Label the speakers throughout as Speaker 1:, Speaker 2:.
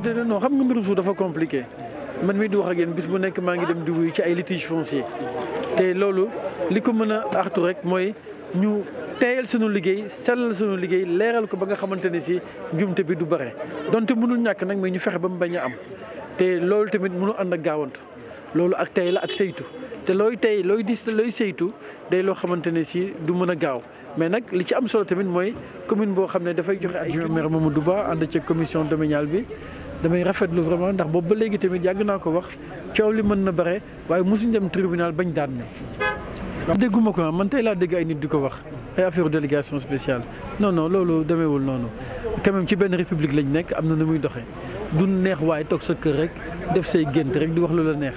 Speaker 1: de déedéet noo xam nga mbirum suuf dafa compliqué man mii di wax a yéen bis bu nekk maa ngi dem di wuyu ci ay litige foncier te loolu li ko mën a artu rek mooy ñu teeyal sunu liggéey sellal sunu liggéey leeral ko ba nga xamante ne si njumte bi du bare donte mënul ñàkk nag mais ñu fexe ba mu bañ a am te loolu tamit mënu ànd ak gaawantu. loolu ak tey la ak saytu te looy tey looy dis saytu day loo xamante ne si du mën a gaaw mais nag li ci am solo tamit mooy commune boo xam ne dafay joxe ay adjoint maire Mamadou Ba ànd ci commission domaniale bi damay rafetlu vraiment ndax boobu ba léegi tamit yàgg naa ko wax coow li mën na bare waaye mosuñ dem tribunal bañ daan ne dégguma ko man tey laa dégg ay nit di ko wax ay affaire délégation spéciale non non loolu demeewul noonu quand même ci benn république lañ nekk am na nu muy doxee du neex waaye toog sa kër rek def say gént rek di wax lu la neex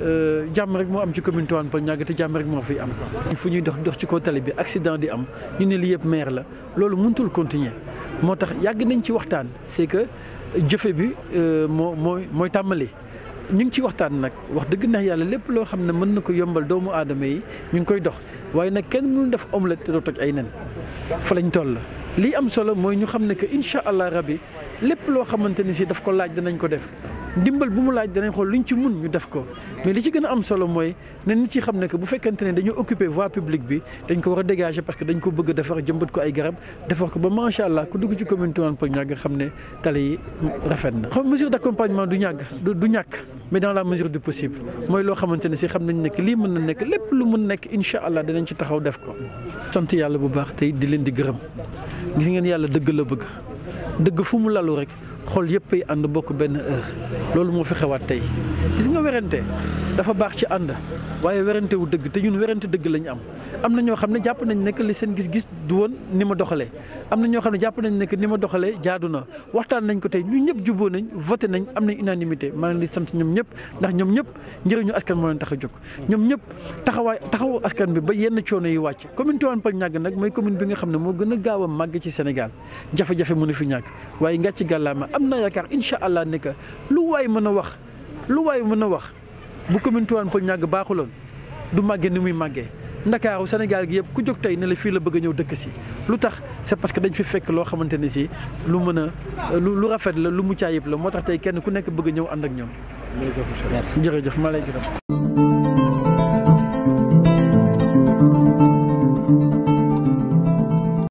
Speaker 1: Euh, jàmm rek moo am ci commune Tivaouane Peulh Niaga te jàmm rek moo fiy am. fu ñuy dox dox ci kaw tali bi accident di am ñu ne li yëpp maire la loolu muntul continuer moo tax yàgg nañ ci waxtaan c'est que jëfe bi euh, moo mooy mooy tàmbali. ñu ngi ci waxtaan nag wax dëgg na yàlla lépp loo xam ne mën na ko yombal doomu aadama yi ñu ngi koy dox waaye nag kenn mënu def omelette te doo toj ay nen fa lañ toll. li am solo moy ñu xamne ne que incha allah rabi lépp lo xamanteni ci daf ko laaj dinañ ko def dimbal bu mu laaj dinañ xol luñ ci mën ñu def ko mais li ci gëna am solo moy ne nit ci xamne ne que bu fekkanteni dañu occuper voie publique bi dañ ko wara dégager parce que dañ ko bëgg a defar jëmbat ko ay garab defar ko ba ma sha allah ku dugg ci commune Tivaouane pour ñag xamne tali yi rafet na. xam mesure d'accompagnement du ñag du ñak mais dans la mesure du possible moy lo xamanteni ci si xam nañ ne que mën na nek lépp lu mën nek incha allah danañ ci taxaw def ko. sant yàlla bu baax tay di leen di gërëm gis ngeen yàlla dëgg la bëgg dëgg fu mu xol yëpp ay ànd bokk benn heure loolu moo fi xewaat tey gis nga werante dafa baax ci ànd waaye werante wu dëgg te ñun werante dëgg lañu am am na ñoo xam ne jàpp nañ nekk li seen gis-gis du woon ni ma doxalee am na ñoo xam ne jàpp nañ nekk ni ma doxalee jaadu na waxtaan nañ ko tey ñu ñëpp juboo nañ voté nañ am nañ unanimité maa ngi sant ñoom ñëpp ndax ñoom ñëpp njëriñu askan moo leen tax a jóg ñoom ñëpp taxawaay taxawu askan bi ba yenn coono yi wàcc commune Tivaouane Peulh Niaga nag mooy commune bi nga xam ne moo gën a gaaw a màgg ci Sénégal jafe-jafe fi am na yaakaar incha allah ne que lu waay mën a wax lu waay mën a wax bu commune tuwaan pël ñàgg baaxuloon du màggee ni muy màggee ndakaaru sénégal gi yëpp ku jóg tey ne la fii la bëgg a dëkk si lu tax c' est parce que dañ fi fekk loo xamante ni si lu mën a lu rafet la lu mucc ayib la moo tax kenn ku nekk bëgg a ñëw ànd ak ñoom jërëjëf ma lay gisam